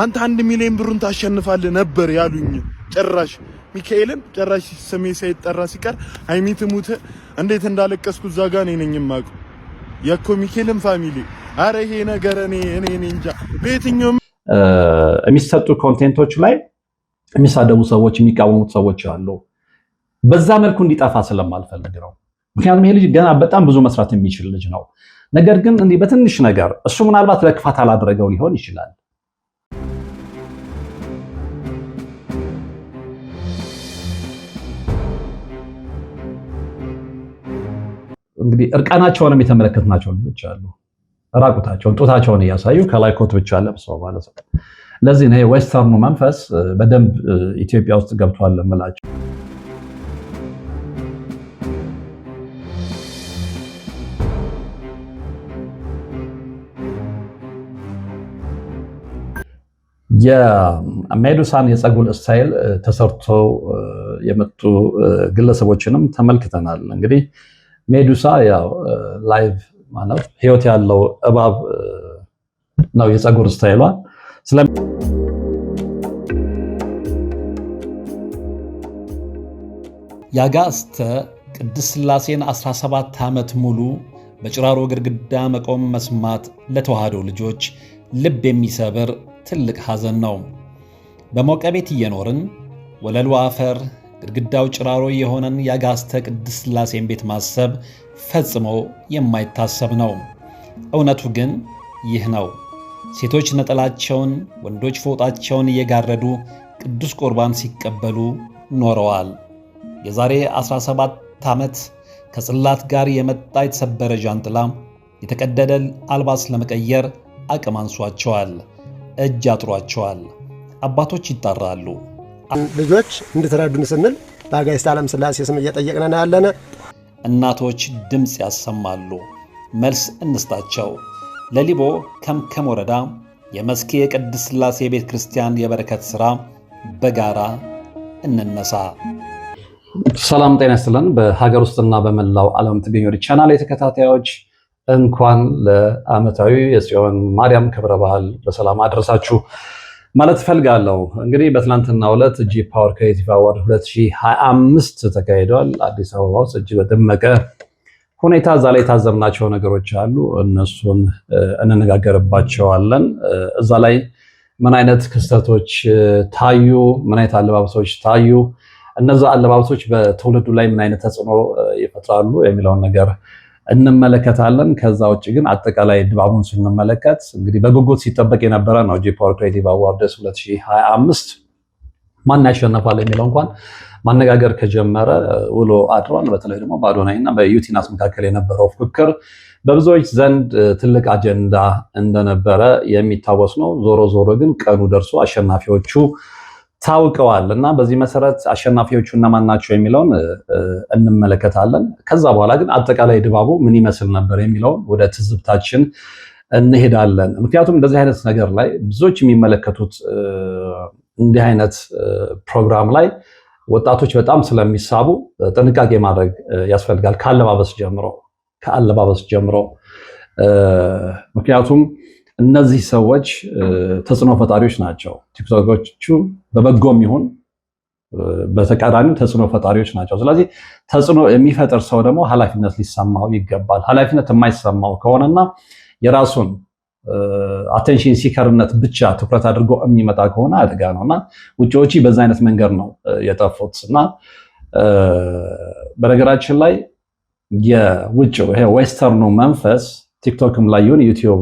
አንተ አንድ ሚሊዮን ብሩን ታሸንፋለህ ነበር ያሉኝ። ጭራሽ ሚካኤልን ጭራሽ ስሜ ሳይጠራ ሲቀር አይሚት ሙት እንዴት እንዳለቀስኩ እዛ ጋ እኔ ነኝ የማውቀው የኮ ሚካኤልን ፋሚሊ። አረ ይሄ ነገር እኔ እኔ እኔ እንጃ በየትኛውም የሚሰጡ ኮንቴንቶች ላይ የሚሳደቡ ሰዎች፣ የሚቃወሙት ሰዎች አሉ። በዛ መልኩ እንዲጠፋ ስለማልፈልግ ነው። ምክንያቱም ይሄ ልጅ ገና በጣም ብዙ መስራት የሚችል ልጅ ነው። ነገር ግን እንዲህ በትንሽ ነገር እሱ ምናልባት ለክፋት አላደረገው ሊሆን ይችላል እንግዲህ እርቃናቸውንም የተመለከትናቸው ልጆች አሉ። ራቁታቸውን ጡታቸውን እያሳዩ ከላይ ኮት ብቻ ለብሰው ማለት ነው። ለዚህ ነው የዌስተርኑ መንፈስ በደንብ ኢትዮጵያ ውስጥ ገብቷል የምላቸው። የሜዱሳን የፀጉር ስታይል ተሰርቶ የመጡ ግለሰቦችንም ተመልክተናል እንግዲህ ሜዱሳ ያው ላይቭ ማለት ህይወት ያለው እባብ ነው የፀጉር ስታይሏ። ያጋስተ ቅድስት ስላሴን 17 ዓመት ሙሉ በጭራሮ ግድግዳ መቆም መስማት ለተዋህዶ ልጆች ልብ የሚሰብር ትልቅ ሐዘን ነው። በሞቀ ቤት እየኖርን ወለሉ አፈር ግድግዳው ጭራሮ የሆነን የአጋስተ ቅድስት ሥላሴን ቤት ማሰብ ፈጽሞ የማይታሰብ ነው። እውነቱ ግን ይህ ነው። ሴቶች ነጠላቸውን፣ ወንዶች ፎጣቸውን እየጋረዱ ቅዱስ ቁርባን ሲቀበሉ ኖረዋል። የዛሬ 17 ዓመት ከጽላት ጋር የመጣ የተሰበረ ዣንጥላ የተቀደደ አልባስ ለመቀየር አቅም አንሷቸዋል። እጅ አጥሯቸዋል። አባቶች ይጣራሉ። ልጆች እንድትረዱን ስንል በአጋዕዝተ ዓለም ሥላሴ ስም እየጠየቅነን ያለነ። እናቶች ድምፅ ያሰማሉ፣ መልስ እንስጣቸው። ለሊቦ ከምከም ወረዳ የመስኬ ቅድስት ሥላሴ ቤተ ክርስቲያን የበረከት ሥራ በጋራ እንነሳ። ሰላም ጤና ይስጥልን። በሀገር ውስጥና በመላው ዓለም ትገኙ ቻናል የተከታታዮች እንኳን ለዓመታዊ የጽዮን ማርያም ክብረ በዓል በሰላም አደረሳችሁ። ማለት እፈልጋለሁ። እንግዲህ በትናንትናው ዕለት ጂ ፓወር ክሬቲቭ አዋርድ 2025 ተካሂዷል አዲስ አበባ ውስጥ እጅግ በደመቀ ሁኔታ። እዛ ላይ የታዘብናቸው ነገሮች አሉ፣ እነሱን እንነጋገርባቸዋለን። እዛ ላይ ምን አይነት ክስተቶች ታዩ? ምን አይነት አለባበሶች ታዩ? እነዛ አለባበሶች በትውልዱ ላይ ምን አይነት ተጽዕኖ ይፈጥራሉ የሚለውን ነገር እንመለከታለን። ከዛ ውጭ ግን አጠቃላይ ድባቡን ስንመለከት እንግዲህ በጉጉት ሲጠበቅ የነበረ ነው። ጂ ፓወር ክሬቲቭ አዋርድስ 2025 ማን ያሸነፋል የሚለው እንኳን ማነጋገር ከጀመረ ውሎ አድሯል። በተለይ ደግሞ በአዶናይ እና በዩቲናስ መካከል የነበረው ፉክክር በብዙዎች ዘንድ ትልቅ አጀንዳ እንደነበረ የሚታወስ ነው። ዞሮ ዞሮ ግን ቀኑ ደርሶ አሸናፊዎቹ ታውቀዋል እና በዚህ መሰረት አሸናፊዎቹ እነማን ናቸው የሚለውን እንመለከታለን። ከዛ በኋላ ግን አጠቃላይ ድባቡ ምን ይመስል ነበር የሚለውን ወደ ትዝብታችን እንሄዳለን። ምክንያቱም እንደዚህ አይነት ነገር ላይ ብዙዎች የሚመለከቱት እንዲህ አይነት ፕሮግራም ላይ ወጣቶች በጣም ስለሚሳቡ ጥንቃቄ ማድረግ ያስፈልጋል፣ ከአለባበስ ጀምሮ ከአለባበስ ጀምሮ ምክንያቱም እነዚህ ሰዎች ተጽዕኖ ፈጣሪዎች ናቸው። ቲክቶኮቹ በበጎም ይሁን በተቃራኒው ተጽዕኖ ፈጣሪዎች ናቸው። ስለዚህ ተጽዕኖ የሚፈጥር ሰው ደግሞ ኃላፊነት ሊሰማው ይገባል። ኃላፊነት የማይሰማው ከሆነና የራሱን አቴንሽን ሲከርነት ብቻ ትኩረት አድርጎ የሚመጣ ከሆነ አደጋ ነው እና ውጪዎች በዛ አይነት መንገድ ነው የጠፉት እና በነገራችን ላይ የውጭው ይሄ ዌስተርኑ መንፈስ ቲክቶክም ላይ ይሁን ዩቲዩብ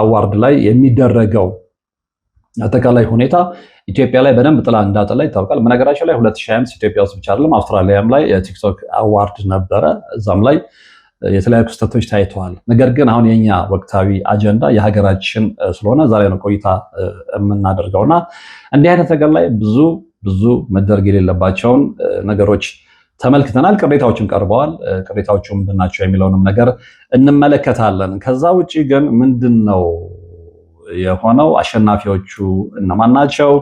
አዋርድ ላይ የሚደረገው አጠቃላይ ሁኔታ ኢትዮጵያ ላይ በደንብ ጥላ እንዳጠላ ይታወቃል። በነገራችን ላይ 2025 ኢትዮጵያ ውስጥ ብቻ አይደለም አውስትራሊያም ላይ የቲክቶክ አዋርድ ነበረ። እዛም ላይ የተለያዩ ክስተቶች ታይተዋል። ነገር ግን አሁን የኛ ወቅታዊ አጀንዳ የሀገራችን ስለሆነ ዛሬ ነው ቆይታ የምናደርገውና እንዲህ አይነት ነገር ላይ ብዙ ብዙ መደረግ የሌለባቸውን ነገሮች ተመልክተናል። ቅሬታዎችም ቀርበዋል። ቅሬታዎቹ ምንድን ናቸው የሚለውንም ነገር እንመለከታለን። ከዛ ውጭ ግን ምንድን ነው የሆነው? አሸናፊዎቹ እነማን ናቸው?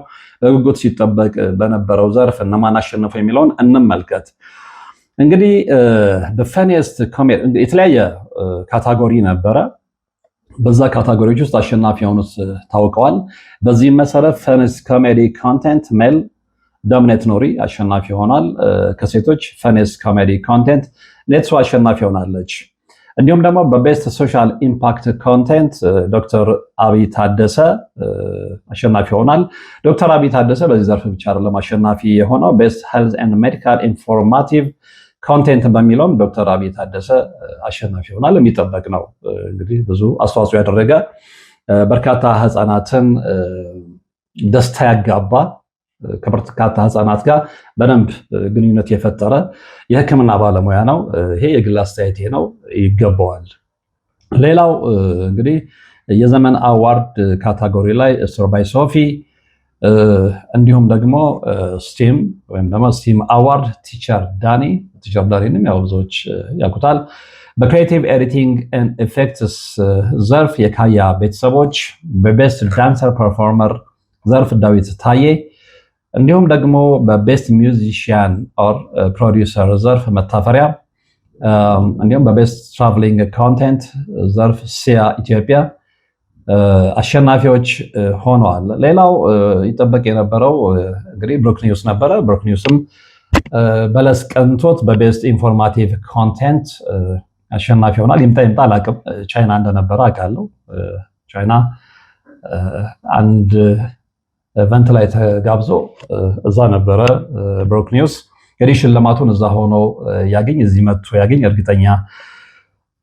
በጉጉት ሲጠበቅ በነበረው ዘርፍ እነማን አሸነፉ የሚለውን እንመልከት። እንግዲህ ፈኒስት የተለያየ ካታጎሪ ነበረ። በዛ ካታጎሪዎች ውስጥ አሸናፊ የሆኑት ታውቀዋል። በዚህም መሰረት ፈኒስት ኮሜዲ ኮንቴንት ሜል ዳምኔት ኖሪ አሸናፊ ይሆናል። ከሴቶች ፈኔስ ኮሜዲ ኮንቴንት ኔትሱ አሸናፊ ይሆናለች። እንዲሁም ደግሞ በቤስት ሶሻል ኢምፓክት ኮንቴንት ዶክተር አብይ ታደሰ አሸናፊ ይሆናል። ዶክተር አብይ ታደሰ በዚህ ዘርፍ ብቻ አይደለም አሸናፊ የሆነው ቤስት ሄልዝ ኤንድ ሜዲካል ኢንፎርማቲቭ ኮንቴንት በሚለውም ዶክተር አብይ ታደሰ አሸናፊ ይሆናል። የሚጠበቅ ነው እንግዲህ ብዙ አስተዋጽኦ ያደረገ በርካታ ህፃናትን ደስታ ያጋባ ከበርካታ ህፃናት ጋር በደንብ ግንኙነት የፈጠረ የህክምና ባለሙያ ነው። ይሄ የግል አስተያየቴ ነው፣ ይገባዋል። ሌላው እንግዲህ የዘመን አዋርድ ካታጎሪ ላይ ስትር ሶፊ እንዲሁም ደግሞ ስቲም ወይም ደግሞ ስቲም አዋርድ ቲቸር ዳኒ ቲቸር ዳኒንም ያው ብዙዎች ያውቁታል። በክሪኤቲቭ ኤዲቲንግ ኢፌክትስ ዘርፍ የካያ ቤተሰቦች በቤስት ዳንሰር ፐርፎርመር ዘርፍ ዳዊት ታዬ እንዲሁም ደግሞ በቤስት ሚውዚሽያን ኦር ፕሮዲውሰር ዘርፍ መታፈሪያ እንዲሁም በቤስት ትራቭሊንግ ኮንቴንት ዘርፍ ሲያ ኢትዮጵያ አሸናፊዎች ሆነዋል። ሌላው ይጠበቅ የነበረው እንግዲህ ብሩክ ኒውስ ነበረ። ብሩክ ኒውስም በለስ ቀንቶት በቤስት ኢንፎርማቲቭ ኮንቴንት አሸናፊ ሆናል። ይምጣ ይምጣ አላቅም ቻይና እንደነበረ አውቃለሁ። ቻይና አንድ ኢቨንት ላይ ተጋብዞ እዛ ነበረ ብሮክ ኒውስ። እንግዲህ ሽልማቱን እዛ ሆኖ ያገኝ እዚህ መጥቶ ያገኝ እርግጠኛ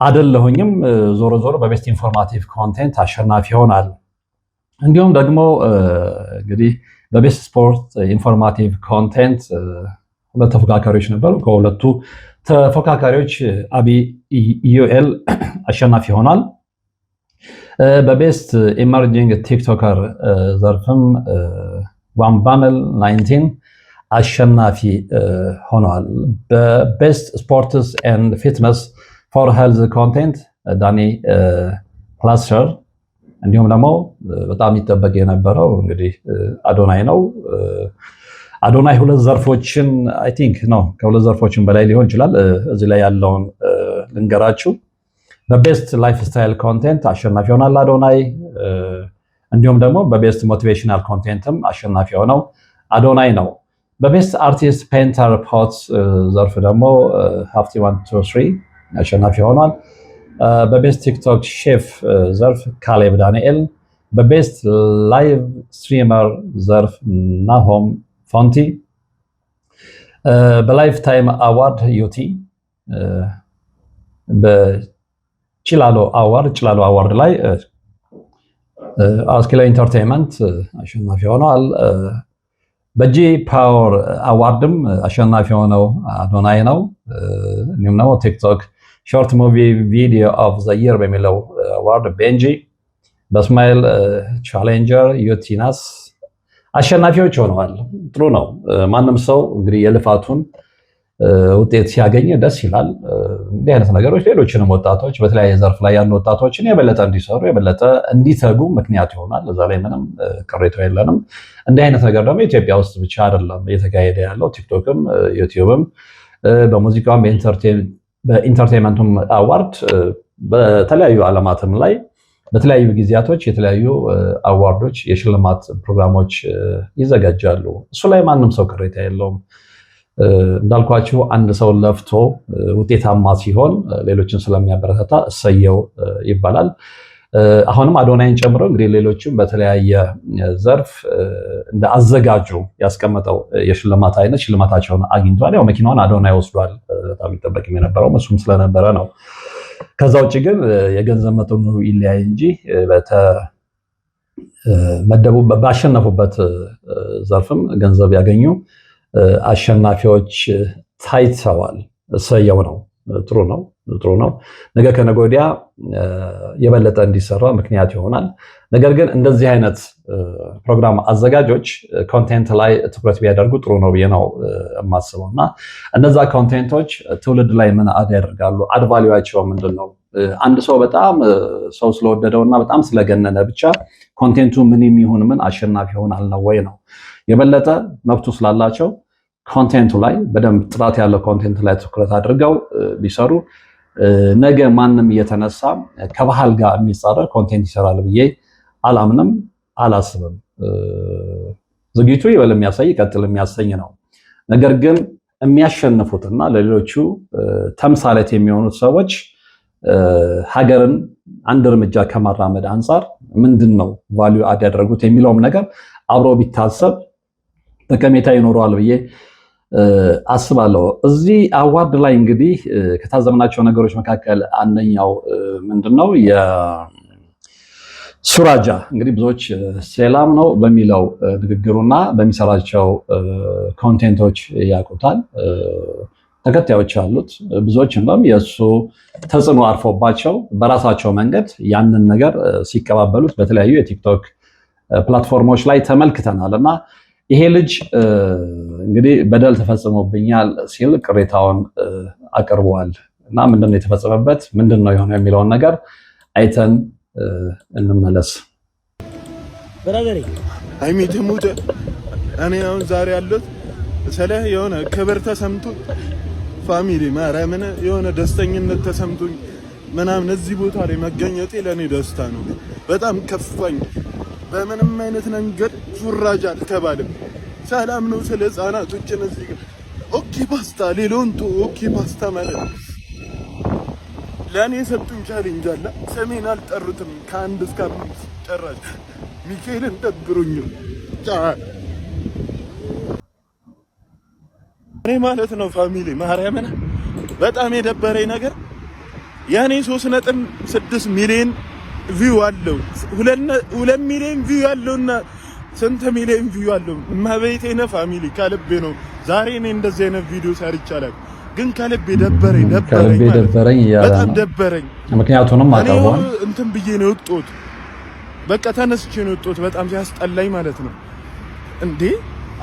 አደለሁኝም። ዞሮ ዞሮ በቤስት ኢንፎርማቲቭ ኮንቴንት አሸናፊ ይሆናል። እንዲሁም ደግሞ እንግዲህ በቤስት ስፖርት ኢንፎርማቲቭ ኮንቴንት ሁለት ተፎካካሪዎች ነበሩ። ከሁለቱ ተፎካካሪዎች አቢ ዩኤል አሸናፊ ይሆናል። በቤስት ኢመርጂንግ ቲክቶከር ዘርፍም ዋን ባመል 19 አሸናፊ ሆነዋል። በቤስት ስፖርትስ ኤንድ ፊትነስ ፎር ሄልዝ ኮንቴንት ዳኒ ፕላስቸር እንዲሁም ደግሞ በጣም ይጠበቅ የነበረው እንግዲህ አዶናይ uh, ነው። አዶናይ uh, ሁለት ዘርፎችን አይ ቲንክ ነው ከሁለት ዘርፎችን በላይ ሊሆን ይችላል። uh, እዚህ ላይ ያለውን ልንገራችሁ። በቤስት ላይፍ ስታይል ኮንቴንት አሸናፊ ሆናል አዶናይ። እንዲሁም ደግሞ በቤስት ሞቲቬሽናል ኮንቴንትም አሸናፊ የሆነው አዶናይ ነው። በቤስት አርቲስት ፔንተር ፖት ዘርፍ ደግሞ ሀፍቲ ዋን ቱ ስሪ አሸናፊ ሆኗል። በቤስት ቲክቶክ ሼፍ ዘርፍ ካሌብ ዳንኤል፣ በቤስት ላይቭ ስትሪመር ዘርፍ ናሆም ፎንቲ፣ በላይፍ ታይም አዋርድ ዩቲ ጭላሎ አዋርድ ጭላሎ አዋርድ ላይ አስኪላ ኢንተርቴንመንት አሸናፊ ሆነዋል። በጂ ፓወር አዋርድም አሸናፊ የሆነው አዶናይ ነው። እንዲሁም ደግሞ ቲክቶክ ሾርት ሙቪ ቪዲዮ ኦፍ ዘ ይር በሚለው አዋርድ ቤንጂ በስማይል ቻሌንጀር ዩቲናስ አሸናፊዎች ሆነዋል። ጥሩ ነው። ማንም ሰው እንግዲህ የልፋቱን ውጤት ሲያገኝ ደስ ይላል። እንዲህ አይነት ነገሮች ሌሎችንም ወጣቶች በተለያየ ዘርፍ ላይ ያሉ ወጣቶችን የበለጠ እንዲሰሩ የበለጠ እንዲተጉ ምክንያት ይሆናል። እዛ ላይ ምንም ቅሬታ የለንም። እንዲህ አይነት ነገር ደግሞ ኢትዮጵያ ውስጥ ብቻ አይደለም እየተካሄደ ያለው። ቲክቶክም ዩቲዩብም በሙዚቃም በኢንተርቴንመንቱም አዋርድ በተለያዩ ዓለማትም ላይ በተለያዩ ጊዜያቶች የተለያዩ አዋርዶች፣ የሽልማት ፕሮግራሞች ይዘጋጃሉ። እሱ ላይ ማንም ሰው ቅሬታ የለውም። እንዳልኳችሁ አንድ ሰው ለፍቶ ውጤታማ ሲሆን ሌሎችን ስለሚያበረታታ እሰየው ይባላል። አሁንም አዶናይን ጨምሮ እንግዲህ ሌሎችም በተለያየ ዘርፍ እንደ አዘጋጁ ያስቀመጠው የሽልማት አይነት ሽልማታቸውን አግኝቷል። ያው መኪናውን አዶናይ ወስዷል። በጣም ይጠበቅም የነበረው እሱም ስለነበረ ነው። ከዛ ውጭ ግን የገንዘብ መጠኑ ይለያይ እንጂ በተመደቡ ባሸነፉበት ዘርፍም ገንዘብ ያገኙ አሸናፊዎች ታይተዋል። ሰየው ነው። ጥሩ ነው። ጥሩ ነው። ነገ ከነገ ወዲያ የበለጠ እንዲሰራ ምክንያት ይሆናል። ነገር ግን እንደዚህ አይነት ፕሮግራም አዘጋጆች ኮንቴንት ላይ ትኩረት ቢያደርጉ ጥሩ ነው ብዬ ነው የማስበው እና እነዛ ኮንቴንቶች ትውልድ ላይ ምን አድ ያደርጋሉ? አድ ምንድን ነው? አንድ ሰው በጣም ሰው ስለወደደው እና በጣም ስለገነነ ብቻ ኮንቴንቱ ምን የሚሆን ምን አሸናፊ ይሆናል ነው ወይ ነው። የበለጠ መብቱ ስላላቸው ኮንቴንቱ ላይ በደንብ ጥራት ያለው ኮንቴንት ላይ ትኩረት አድርገው ቢሰሩ ነገ ማንም እየተነሳ ከባህል ጋር የሚጻረር ኮንቴንት ይሰራል ብዬ አላምንም አላስብም። ዝግጅቱ ይበል የሚያሳይ ቀጥል የሚያሰኝ ነው። ነገር ግን የሚያሸንፉትና ለሌሎቹ ተምሳሌት የሚሆኑት ሰዎች ሀገርን አንድ እርምጃ ከማራመድ አንጻር ምንድን ነው ቫሊዩ አድ ያደረጉት የሚለውም ነገር አብሮ ቢታሰብ ጠቀሜታ ይኖረዋል ብዬ አስባለሁ። እዚህ አዋርድ ላይ እንግዲህ ከታዘብናቸው ነገሮች መካከል አንደኛው ምንድን ነው ሱራጃ እንግዲህ ብዙዎች ሴላም ነው በሚለው ንግግሩና በሚሰራቸው ኮንቴንቶች ያውቁታል። ተከታዮች አሉት። ብዙዎች እንደውም የእሱ ተጽዕኖ አርፎባቸው በራሳቸው መንገድ ያንን ነገር ሲቀባበሉት በተለያዩ የቲክቶክ ፕላትፎርሞች ላይ ተመልክተናል እና ይሄ ልጅ እንግዲህ በደል ተፈጽሞብኛል ሲል ቅሬታውን አቅርቧል እና ምንድን ነው የተፈጸመበት ምንድን ነው የሆነው የሚለውን ነገር አይተን እንመለስ። ሀይሚ ትሙት እኔ አሁን ዛሬ ያሉት ስለ የሆነ ክብር ተሰምቶ ፋሚሊ ማርያምን የሆነ ደስተኝነት ተሰምቶኝ ምናምን እዚህ ቦታ ላይ መገኘቴ ለእኔ ደስታ ነው። በጣም ከፋኝ። በምንም አይነት መንገድ ሱራጅ አልተባልም። ሰላም ነው። ስለ ህፃናቶችን እዚህ ጋር ኦኬ ፓስታ ሌሎን ቶ ኦኬ ፓስታ ማለት ለእኔ የሰጡኝ ቻሌንጅ አለ። ስሜን አልጠሩትም። ከአንድ እስከ አምስት ጨራሽ ሚካኤልን ደብሩኝ ጫ እኔ ማለት ነው ፋሚሊ ማርያምን በጣም የደበረኝ ነገር ያኔ 3.6 ሚሊዮን ቪው አለው። 2 ሚሊዮን ቪው አለውና ስንት ሚሊዮን ቪው አለው? ማበይቴ ነው ፋሚሊ ከልቤ ነው። ዛሬ እኔ እንደዚህ አይነት ቪዲዮ ሰርቻለሁ፣ ግን ከልቤ ደበረኝ ደበረኝ ደበረኝ በጣም ደበረኝ። ምክንያቱንም አቀባው እንትን ብዬ ነው የወጡት፣ በቃ ተነስቼ ነው የወጡት። በጣም ሲያስጠላኝ ማለት ነው እንዴ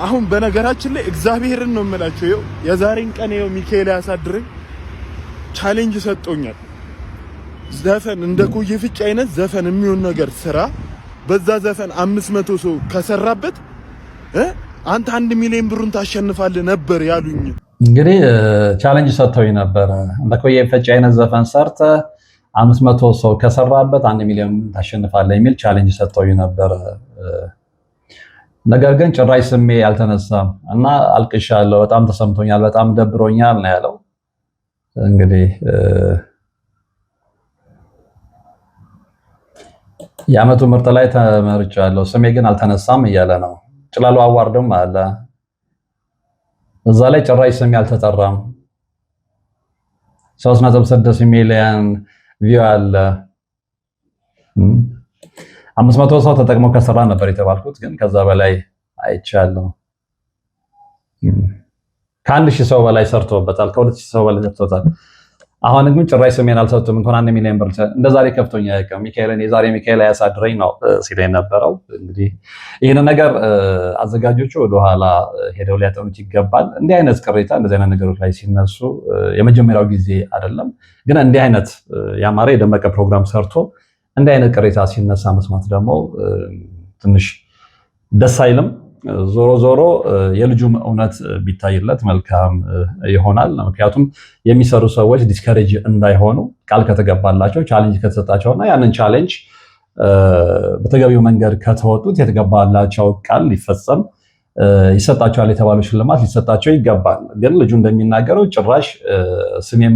አሁን በነገራችን ላይ እግዚአብሔርን ነው የምላችሁ። ይኸው የዛሬን ቀን ይኸው ሚካኤል ያሳድረኝ ቻሌንጅ ሰጥቶኛል። ዘፈን እንደ ኮዬ ፍጭ አይነት ዘፈን የሚሆን ነገር ስራ። በዛ ዘፈን አምስት መቶ ሰው ከሰራበት አንተ አንድ ሚሊዮን ብሩን ታሸንፋለህ ነበር ያሉኝ። እንግዲህ ቻሌንጅ ሰጥተውኝ ነበር። እንደ ኮዬ ፍጭ አይነት ዘፈን ሰርተ አምስት መቶ ሰው ከሰራበት አንድ ሚሊዮን ታሸንፋለህ የሚል ቻሌንጅ ሰጥተውኝ ነበር። ነገር ግን ጭራሽ ስሜ አልተነሳም እና አልቅሻለሁ፣ በጣም ተሰምቶኛል፣ በጣም ደብሮኛል ነው ያለው። እንግዲህ የአመቱ ምርጥ ላይ ተመርጫለሁ፣ ስሜ ግን አልተነሳም እያለ ነው። ጭላሉ አዋርድም አለ እዛ ላይ ጭራሽ ስሜ አልተጠራም። ስድስት ሚሊዮን ቪው አለ። አምስት መቶ ሰው ተጠቅሞ ከሰራ ነበር የተባልኩት፣ ግን ከዛ በላይ አይቻለሁ። ከአንድ ሺህ ሰው በላይ ሰርቶበታል። ከሁለት ሺህ ሰው በላይ ሰርቶታል። አሁን ግን ጭራሽ ስሜን አልሰጡም። እንኳን አንድ ሚሊዮን ብር እንደ ዛሬ ከፍቶኛ ሚካኤልን የዛሬ ሚካኤል አያሳድረኝ ነው ሲል የነበረው። እንግዲህ ይህን ነገር አዘጋጆቹ ወደኋላ ሄደው ሊያጠኑት ይገባል። እንዲህ አይነት ቅሬታ እንደዚህ አይነት ነገሮች ላይ ሲነሱ የመጀመሪያው ጊዜ አይደለም። ግን እንዲህ አይነት ያማረ የደመቀ ፕሮግራም ሰርቶ እንዲህ አይነት ቅሬታ ሲነሳ መስማት ደግሞ ትንሽ ደስ አይልም። ዞሮ ዞሮ የልጁም እውነት ቢታይለት መልካም ይሆናል። ምክንያቱም የሚሰሩ ሰዎች ዲስከሬጅ እንዳይሆኑ ቃል ከተገባላቸው ቻሌንጅ ከተሰጣቸውና ያንን ቻሌንጅ በተገቢው መንገድ ከተወጡት የተገባላቸው ቃል ሊፈጸም ይሰጣቸዋል የተባለው ሽልማት ሊሰጣቸው ይገባል። ግን ልጁ እንደሚናገረው ጭራሽ ስሜም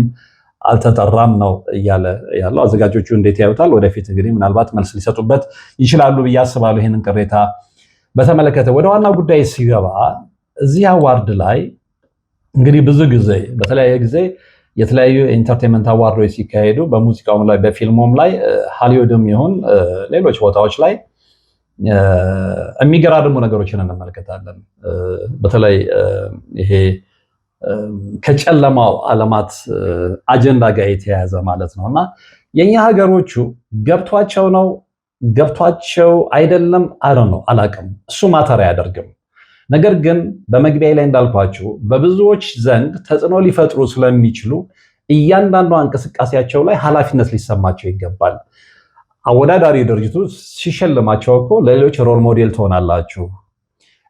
አልተጠራም ነው እያለ ያለው። አዘጋጆቹ እንዴት ያዩታል? ወደፊት እንግዲህ ምናልባት መልስ ሊሰጡበት ይችላሉ ብዬ አስባለሁ። ይህንን ቅሬታ በተመለከተ ወደ ዋና ጉዳይ ሲገባ እዚህ አዋርድ ላይ እንግዲህ ብዙ ጊዜ በተለያየ ጊዜ የተለያዩ ኤንተርቴንመንት አዋርዶች ሲካሄዱ በሙዚቃውም ላይ በፊልሙም ላይ ሀሊውድም ይሁን ሌሎች ቦታዎች ላይ የሚገራርሙ ነገሮችን እንመለከታለን። በተለይ ይሄ ከጨለማው ዓለማት አጀንዳ ጋር የተያያዘ ማለት ነው እና የኛ ሀገሮቹ ገብቷቸው ነው ገብቷቸው አይደለም አረ ነው አላቅም። እሱ ማተር አያደርግም። ነገር ግን በመግቢያ ላይ እንዳልኳችሁ በብዙዎች ዘንድ ተጽዕኖ ሊፈጥሩ ስለሚችሉ እያንዳንዷ እንቅስቃሴያቸው ላይ ኃላፊነት ሊሰማቸው ይገባል። አወዳዳሪ ድርጅቱ ሲሸልማቸው እኮ ለሌሎች ሮል ሞዴል ትሆናላችሁ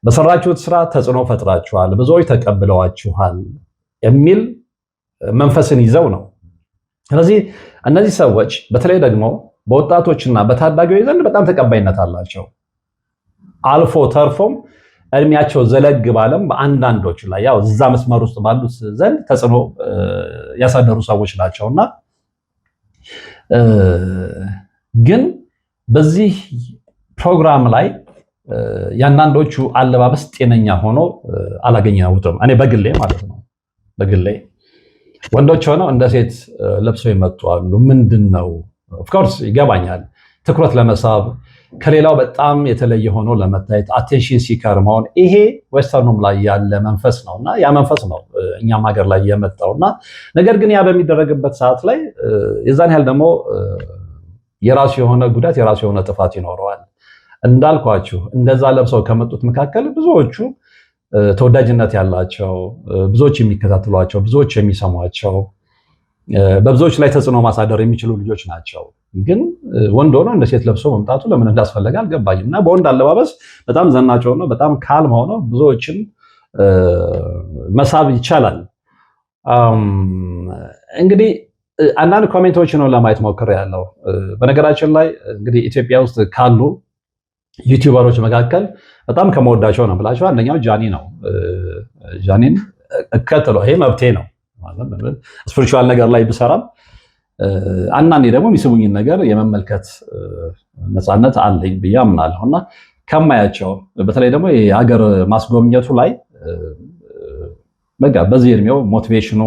በሰራችሁት ስራ ተጽዕኖ ፈጥራችኋል፣ ብዙዎች ተቀብለዋችኋል የሚል መንፈስን ይዘው ነው። ስለዚህ እነዚህ ሰዎች በተለይ ደግሞ በወጣቶችና በታዳጊዎች ዘንድ በጣም ተቀባይነት አላቸው። አልፎ ተርፎም እድሜያቸው ዘለግ ባለም በአንዳንዶች ላይ ያው እዛ መስመር ውስጥ ባሉት ዘንድ ተጽዕኖ ያሳደሩ ሰዎች ናቸውና ግን በዚህ ፕሮግራም ላይ የአንዳንዶቹ አለባበስ ጤነኛ ሆኖ አላገኘሁትም። እኔ በግሌ ማለት ነው በግሌ ወንዶች ሆነው እንደ ሴት ለብሰው ይመጡ አሉ። ምንድን ነው ኦፍኮርስ ይገባኛል። ትኩረት ለመሳብ ከሌላው በጣም የተለየ ሆኖ ለመታየት አቴንሽን ሲከር መሆን ይሄ ዌስተርኑም ላይ ያለ መንፈስ ነው እና ያ መንፈስ ነው እኛም ሀገር ላይ የመጣው እና ነገር ግን ያ በሚደረግበት ሰዓት ላይ የዛን ያህል ደግሞ የራሱ የሆነ ጉዳት የራሱ የሆነ ጥፋት ይኖረዋል። እንዳልኳችሁ እንደዛ ለብሰው ከመጡት መካከል ብዙዎቹ ተወዳጅነት ያላቸው፣ ብዙዎች የሚከታተሏቸው፣ ብዙዎች የሚሰሟቸው፣ በብዙዎች ላይ ተጽዕኖ ማሳደር የሚችሉ ልጆች ናቸው። ግን ወንድ ሆኖ እንደ ሴት ለብሶ መምጣቱ ለምን እንዳስፈለገ አልገባኝም። እና በወንድ አለባበስ በጣም ዘናጭ ሆኖ በጣም ካልም ሆኖ ብዙዎችን መሳብ ይቻላል። እንግዲህ አንዳንድ ኮሜንቶች ነው ለማየት ሞክር ያለው። በነገራችን ላይ እንግዲህ ኢትዮጵያ ውስጥ ካሉ ዩቲዩበሮች መካከል በጣም ከመወዳቸው ነው ብላቸው አንደኛው ጃኒ ነው። ጃኒን እከተለ ይሄ መብቴ ነው። ስፒሪቹዋል ነገር ላይ ብሰራም አንዳንዴ ደግሞ የሚስቡኝን ነገር የመመልከት ነፃነት አለኝ ብዬ አምናለሁ እና ከማያቸው በተለይ ደግሞ የሀገር ማስጎብኘቱ ላይ በቃ በዚህ እድሜው ሞቲቬሽኑ፣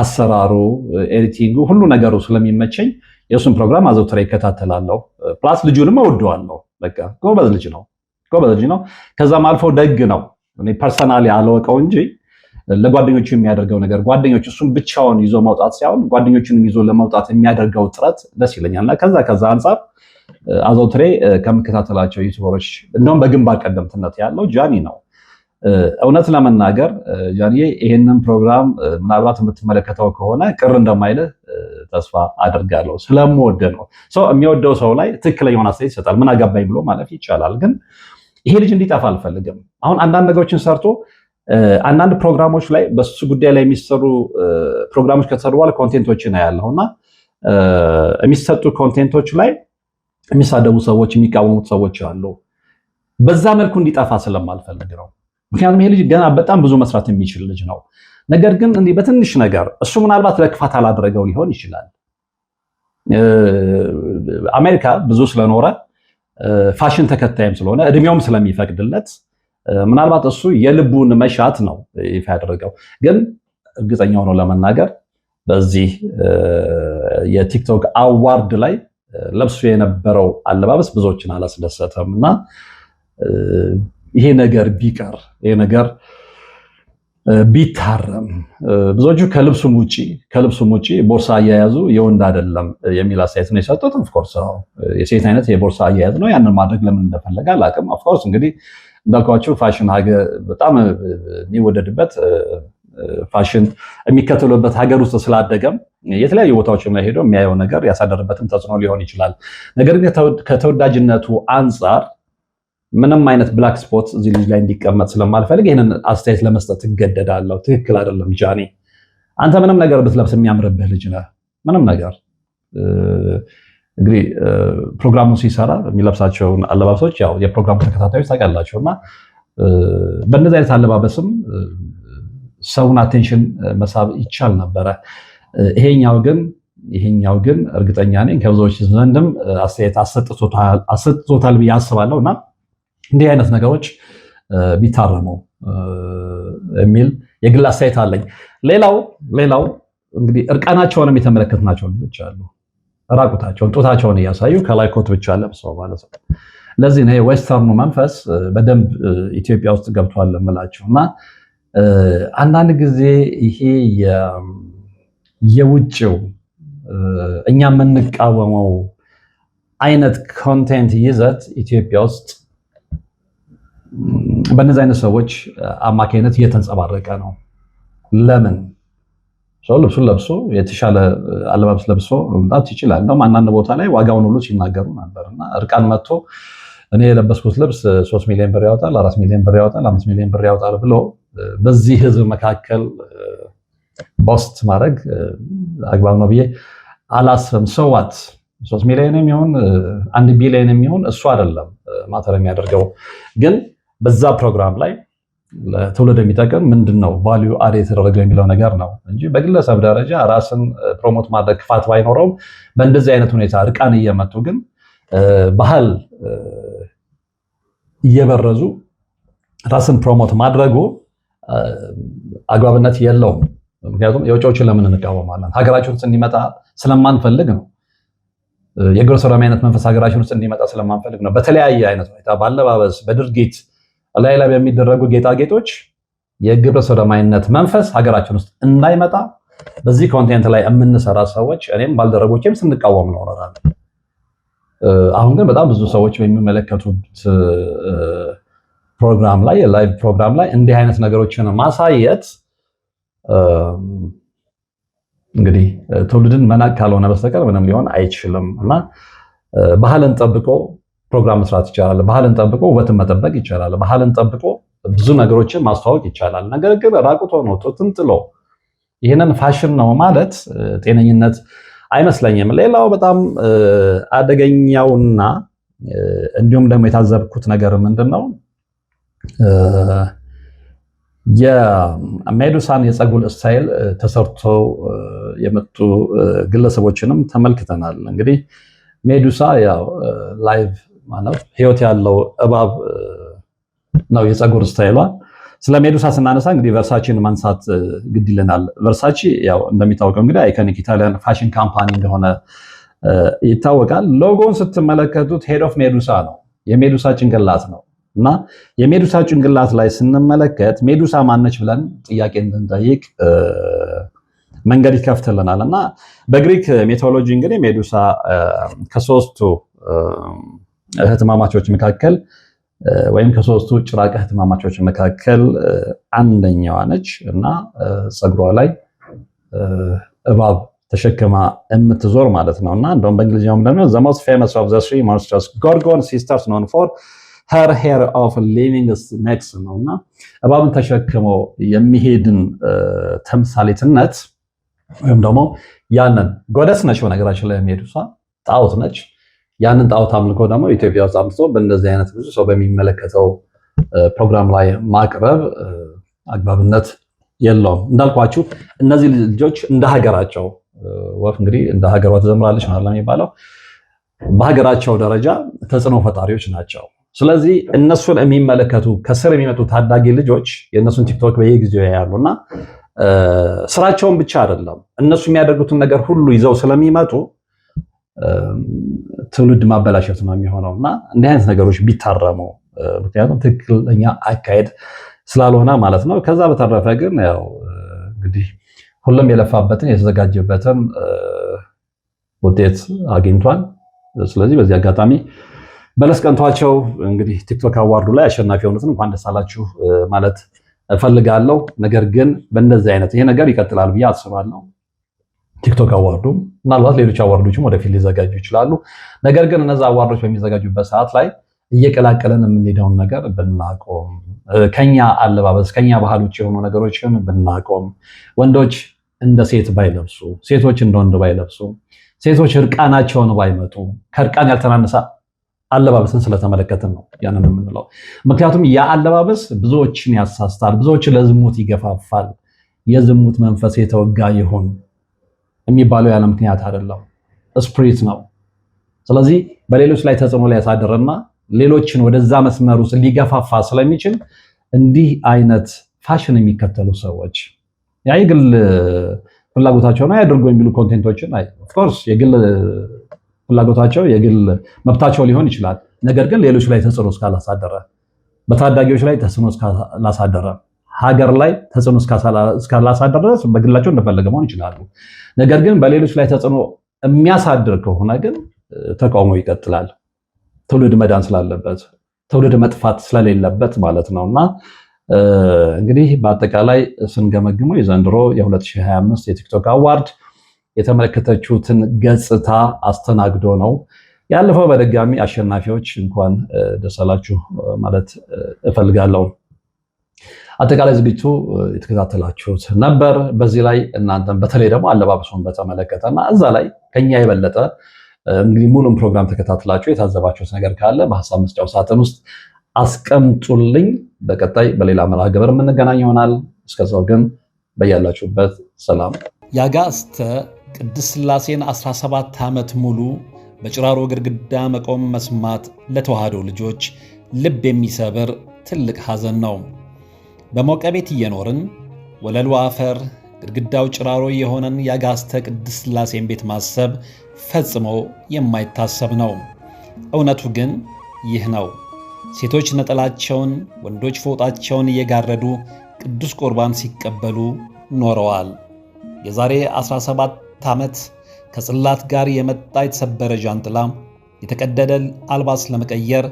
አሰራሩ፣ ኤዲቲንጉ ሁሉ ነገሩ ስለሚመቸኝ የእሱን ፕሮግራም አዘውትሬ ይከታተላለሁ። ፕላስ ልጁንም እወደዋለሁ። በቃ ጎበዝ ልጅ ነው፣ ጎበዝ ልጅ ነው። ከዛም አልፎ ደግ ነው። እኔ ፐርሰናሊ አለወቀው እንጂ ለጓደኞቹ የሚያደርገው ነገር ጓደኞቹ እሱን ብቻውን ይዞ መውጣት ሳይሆን ጓደኞቹንም ይዞ ለመውጣት የሚያደርገው ጥረት ደስ ይለኛል እና ከዛ ከዛ አንጻር አዘውትሬ ከምከታተላቸው ዩቱበሮች እንደውም በግንባር ቀደምትነት ያለው ጃኒ ነው። እውነት ለመናገር ጃንዬ ይህንን ፕሮግራም ምናልባት የምትመለከተው ከሆነ ቅር እንደማይልህ ተስፋ አድርጋለሁ። ስለምወደ ነው። ሰው የሚወደው ሰው ላይ የሆነ አስተያየት ይሰጣል። ምን አገባኝ ብሎ ማለፍ ይቻላል። ግን ይሄ ልጅ እንዲጠፋ አልፈልግም። አሁን አንዳንድ ነገሮችን ሰርቶ አንዳንድ ፕሮግራሞች ላይ በሱ ጉዳይ ላይ የሚሰሩ ፕሮግራሞች ከተሰሩ በኋላ ኮንቴንቶችን ያለው እና የሚሰጡ ኮንቴንቶች ላይ የሚሳደቡ ሰዎች፣ የሚቃወሙት ሰዎች አሉ። በዛ መልኩ እንዲጠፋ ስለማልፈልግ ነው። ምክንያቱም ይሄ ልጅ ገና በጣም ብዙ መስራት የሚችል ልጅ ነው። ነገር ግን እንዲህ በትንሽ ነገር እሱ ምናልባት ለክፋት አላደረገው ሊሆን ይችላል። አሜሪካ ብዙ ስለኖረ ፋሽን ተከታይም ስለሆነ እድሜውም ስለሚፈቅድለት ምናልባት እሱ የልቡን መሻት ነው ይፋ ያደረገው። ግን እርግጠኛ ሆኖ ለመናገር በዚህ የቲክቶክ አዋርድ ላይ ለብሶ የነበረው አለባበስ ብዙዎችን አላስደሰተም እና ይሄ ነገር ቢቀር ይሄ ነገር ቢታረም ብዙዎቹ ከልብሱም ውጪ ከልብሱም ውጪ ቦርሳ አያያዙ የወንድ አይደለም የሚል አስተያየት ነው የሰጡት። ኦፍኮርስ የሴት አይነት የቦርሳ አያያዝ ነው። ያንን ማድረግ ለምን እንደፈለገ አላውቅም። ኦፍኮርስ እንግዲህ እንዳልኳቸው ፋሽን በጣም የሚወደድበት ፋሽን የሚከተሉበት ሀገር ውስጥ ስላደገም የተለያዩ ቦታዎች ላይ ሄደው የሚያየው ነገር ያሳደረበትም ተጽዕኖ ሊሆን ይችላል። ነገር ግን ከተወዳጅነቱ አንጻር ምንም አይነት ብላክ ስፖት እዚህ ልጅ ላይ እንዲቀመጥ ስለማልፈልግ ይህንን አስተያየት ለመስጠት እገደዳለሁ። ትክክል አይደለም ጃኒ። አንተ ምንም ነገር ብትለብስ የሚያምርብህ ልጅ ነህ። ምንም ነገር እንግዲህ ፕሮግራሙ ሲሰራ የሚለብሳቸውን አለባበሶች ያው የፕሮግራሙ ተከታታዮች ታውቃላቸው እና በእነዚህ አይነት አለባበስም ሰውን አቴንሽን መሳብ ይቻል ነበረ። ይሄኛው ግን ይሄኛው ግን እርግጠኛ ነኝ ከብዙዎች ዘንድም አስተያየት አሰጥቶታል ብዬ አስባለሁ እና እንዲህ አይነት ነገሮች ቢታረሙ የሚል የግል አስተያየት አለኝ። ሌላው ሌላው እንግዲህ እርቃናቸውንም የተመለከትናቸው ልጆች አሉ። ራቁታቸውን ጡታቸውን እያሳዩ ከላይ ኮት ብቻ ለብሰው ማለት ነው። ለዚህ ነው የዌስተርኑ መንፈስ በደንብ ኢትዮጵያ ውስጥ ገብቷል የምላቸው እና አንዳንድ ጊዜ ይሄ የውጭው እኛ የምንቃወመው አይነት ኮንቴንት ይዘት ኢትዮጵያ ውስጥ በእነዚህ አይነት ሰዎች አማካኝነት እየተንጸባረቀ ነው። ለምን ሰው ልብሱን ለብሶ የተሻለ አለባበስ ለብሶ መምጣት ይችላል። እንደውም አንዳንድ ቦታ ላይ ዋጋውን ሁሉ ሲናገሩ ነበር እና እርቃን መጥቶ እኔ የለበስኩት ልብስ ሶስት ሚሊዮን ብር ያወጣል፣ አራት ሚሊዮን ብር ያወጣል፣ አምስት ሚሊዮን ብር ያወጣል ብሎ በዚህ ህዝብ መካከል ቦስት ማድረግ አግባብ ነው ብዬ አላስብም። ሰዋት ሶስት ሚሊዮን የሚሆን አንድ ቢሊዮን የሚሆን እሱ አይደለም ማተር የሚያደርገው ግን በዛ ፕሮግራም ላይ ለትውልድ የሚጠቅም ምንድን ነው ቫሊዩ አድ የተደረገ የሚለው ነገር ነው እንጂ በግለሰብ ደረጃ ራስን ፕሮሞት ማድረግ ክፋት ባይኖረውም በእንደዚህ አይነት ሁኔታ እርቃን እየመጡ ግን ባህል እየበረዙ ራስን ፕሮሞት ማድረጉ አግባብነት የለውም። ምክንያቱም የውጭዎችን ለምን እንቃወማለን? ሀገራችን ውስጥ እንዲመጣ ስለማንፈልግ ነው። የግሮሰራሚ አይነት መንፈስ ሀገራችን ውስጥ እንዲመጣ ስለማንፈልግ ነው። በተለያየ አይነት ሁኔታ በአለባበስ፣ በድርጊት ላይ ላይ በሚደረጉ ጌጣጌጦች የግብረ ሰዶማዊነት መንፈስ ሀገራችን ውስጥ እንዳይመጣ በዚህ ኮንቴንት ላይ የምንሰራ ሰዎች እኔም ባልደረቦቼም ስንቃወም ነው አሁን ግን በጣም ብዙ ሰዎች በሚመለከቱት ፕሮግራም ላይ የላይቭ ፕሮግራም ላይ እንዲህ አይነት ነገሮችን ማሳየት እንግዲህ ትውልድን መናቅ ካልሆነ በስተቀር ምንም ሊሆን አይችልም እና ባህልን ጠብቆ ፕሮግራም መስራት ይቻላል። ባህልን ጠብቆ ውበትን መጠበቅ ይቻላል። ባህልን ጠብቆ ብዙ ነገሮችን ማስተዋወቅ ይቻላል። ነገር ግን ራቁቶ ነው ጥንጥሎ ይህንን ፋሽን ነው ማለት ጤነኝነት አይመስለኝም። ሌላው በጣም አደገኛውና እንዲሁም ደግሞ የታዘብኩት ነገር ምንድን ነው የሜዱሳን የፀጉር ስታይል ተሰርቶ የመጡ ግለሰቦችንም ተመልክተናል። እንግዲህ ሜዱሳ ያው ላይቭ ማለት ህይወት ያለው እባብ ነው የፀጉር ስታይሏ። ስለ ሜዱሳ ስናነሳ እንግዲህ ቨርሳቺን ማንሳት ግድ ይለናል። ቨርሳቺ ያው እንደሚታወቀው እንግዲህ አይኮኒክ ኢታሊያን ፋሽን ካምፓኒ እንደሆነ ይታወቃል። ሎጎውን ስትመለከቱት ሄድ ኦፍ ሜዱሳ ነው፣ የሜዱሳ ጭንቅላት ነው። እና የሜዱሳ ጭንቅላት ላይ ስንመለከት ሜዱሳ ማነች ብለን ጥያቄ እንድንጠይቅ መንገድ ይከፍትልናል። እና በግሪክ ሜቶሎጂ እንግዲህ ሜዱሳ ከሶስቱ እህትማማቾች መካከል ወይም ከሶስቱ ጭራቅ እህትማማቾች መካከል አንደኛዋ ነች እና ፀጉሯ ላይ እባብ ተሸክማ የምትዞር ማለት ነው። እና እንደውም በእንግሊዝኛው ምንድነው ዘ ሞስት ፌመስ ኦፍ ዘ ስሪ ሞንስተርስ ጎርጎን ሲስተርስ ኖን ፎር ሄር ሄር ኦፍ ሊቪንግ ስኔክስ ነው እና እባብን ተሸክሞ የሚሄድን ተምሳሌትነት ወይም ደግሞ ያንን ጎደስ ነች። በነገራችን ላይ የሚሄዱ እሷ ጣዖት ነች። ያንን ጣዖት አምልኮ ደግሞ ኢትዮጵያ ውስጥ አምጥቶ በእንደዚህ አይነት ብዙ ሰው በሚመለከተው ፕሮግራም ላይ ማቅረብ አግባብነት የለውም። እንዳልኳችሁ እነዚህ ልጆች እንደ ሀገራቸው ወፍ እንግዲህ እንደ ሀገሯ ትዘምራለች ማለት ነው የሚባለው በሀገራቸው ደረጃ ተጽዕኖ ፈጣሪዎች ናቸው። ስለዚህ እነሱን የሚመለከቱ ከስር የሚመጡ ታዳጊ ልጆች የእነሱን ቲክቶክ በየጊዜው ያያሉ እና ስራቸውን ብቻ አይደለም እነሱ የሚያደርጉትን ነገር ሁሉ ይዘው ስለሚመጡ ትውልድ ማበላሸት ነው የሚሆነው እና እንዲህ አይነት ነገሮች ቢታረሙ፣ ምክንያቱም ትክክለኛ አካሄድ ስላልሆነ ማለት ነው። ከዛ በተረፈ ግን ያው እንግዲህ ሁሉም የለፋበትን የተዘጋጀበትን ውጤት አግኝቷል። ስለዚህ በዚህ አጋጣሚ በለስ ቀንቷቸው እንግዲህ ቲክቶክ አዋርዱ ላይ አሸናፊ የሆኑትን እንኳን ደስ አላችሁ ማለት እፈልጋለሁ። ነገር ግን በእንደዚህ አይነት ይሄ ነገር ይቀጥላል ብዬ አስባለሁ። ቲክቶክ አዋርዱ ምናልባት ሌሎች አዋርዶችም ወደፊት ሊዘጋጁ ይችላሉ። ነገር ግን እነዚ አዋርዶች በሚዘጋጁበት ሰዓት ላይ እየቀላቀለን የምንሄደውን ነገር ብናቆም፣ ከኛ አለባበስ ከኛ ባህል ውጭ የሆኑ ነገሮችን ብናቆም፣ ወንዶች እንደ ሴት ባይለብሱ፣ ሴቶች እንደ ወንድ ባይለብሱ፣ ሴቶች እርቃናቸውን ባይመጡ፣ ከእርቃን ያልተናነሰ አለባበስን ስለተመለከትን ነው ያንን የምንለው። ምክንያቱም ያ አለባበስ ብዙዎችን ያሳስታል፣ ብዙዎችን ለዝሙት ይገፋፋል። የዝሙት መንፈስ የተወጋ ይሁን። የሚባለው ያለ ምክንያት አይደለም፣ ስፕሪት ነው። ስለዚህ በሌሎች ላይ ተጽዕኖ ላይ ያሳደረና ሌሎችን ወደዛ መስመር ውስጥ ሊገፋፋ ስለሚችል እንዲህ አይነት ፋሽን የሚከተሉ ሰዎች ያ የግል ፍላጎታቸው ነው ያደርጉ የሚሉ ኮንቴንቶችን ኦፍኮርስ የግል ፍላጎታቸው የግል መብታቸው ሊሆን ይችላል። ነገር ግን ሌሎች ላይ ተጽዕኖ እስካላሳደረ፣ በታዳጊዎች ላይ ተጽዕኖ እስካላሳደረ ሀገር ላይ ተጽዕኖ እስካላሳደር ድረስ በግላቸው እንደፈለገ መሆን ይችላሉ። ነገር ግን በሌሎች ላይ ተጽዕኖ የሚያሳድር ከሆነ ግን ተቃውሞ ይቀጥላል። ትውልድ መዳን ስላለበት፣ ትውልድ መጥፋት ስለሌለበት ማለት ነው እና እንግዲህ በአጠቃላይ ስንገመግመው የዘንድሮ የ2025 የቲክቶክ አዋርድ የተመለከተችሁትን ገጽታ አስተናግዶ ነው ያለፈው። በድጋሚ አሸናፊዎች እንኳን ደስ አላችሁ ማለት እፈልጋለሁ። አጠቃላይ ዝግጅቱ የተከታተላችሁት ነበር። በዚህ ላይ እናንተም በተለይ ደግሞ አለባበሱን በተመለከተ እና እዛ ላይ ከኛ የበለጠ እንግዲህ ሙሉም ፕሮግራም ተከታትላችሁ የታዘባችሁት ነገር ካለ በሀሳብ መስጫው ሳጥን ውስጥ አስቀምጡልኝ። በቀጣይ በሌላ መርሃ ግብር የምንገናኝ ይሆናል። እስከዛው ግን በያላችሁበት ሰላም። የአጋዕዝተ ቅድስት ሥላሴን 17 ዓመት ሙሉ በጭራሮ ግድግዳ መቆም መስማት ለተዋህዶ ልጆች ልብ የሚሰብር ትልቅ ሐዘን ነው። በሞቀ ቤት እየኖርን ወለሉ አፈር ግድግዳው ጭራሮ የሆነን የአጋስተ ቅድስት ሥላሴን ቤት ማሰብ ፈጽሞ የማይታሰብ ነው። እውነቱ ግን ይህ ነው። ሴቶች ነጠላቸውን፣ ወንዶች ፎጣቸውን እየጋረዱ ቅዱስ ቁርባን ሲቀበሉ ኖረዋል። የዛሬ 17 ዓመት ከጽላት ጋር የመጣ የተሰበረ ዣንጥላ፣ የተቀደደ አልባስ ለመቀየር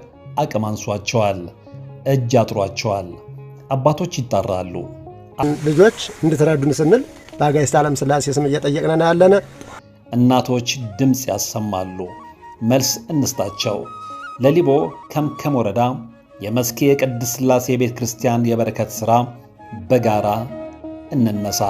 አቅም አንሷቸዋል፣ እጅ አጥሯቸዋል። አባቶች ይጠራሉ። ልጆች እንድትረዱን ስንል በአጋዕዝተ ዓለም ሥላሴ ስም እየጠየቅነን ያለነ እናቶች ድምፅ ያሰማሉ። መልስ እንስጣቸው። ለሊቦ ከምከም ወረዳ የመስኬ የቅድስት ሥላሴ ቤተ ክርስቲያን የበረከት ሥራ በጋራ እንነሳ።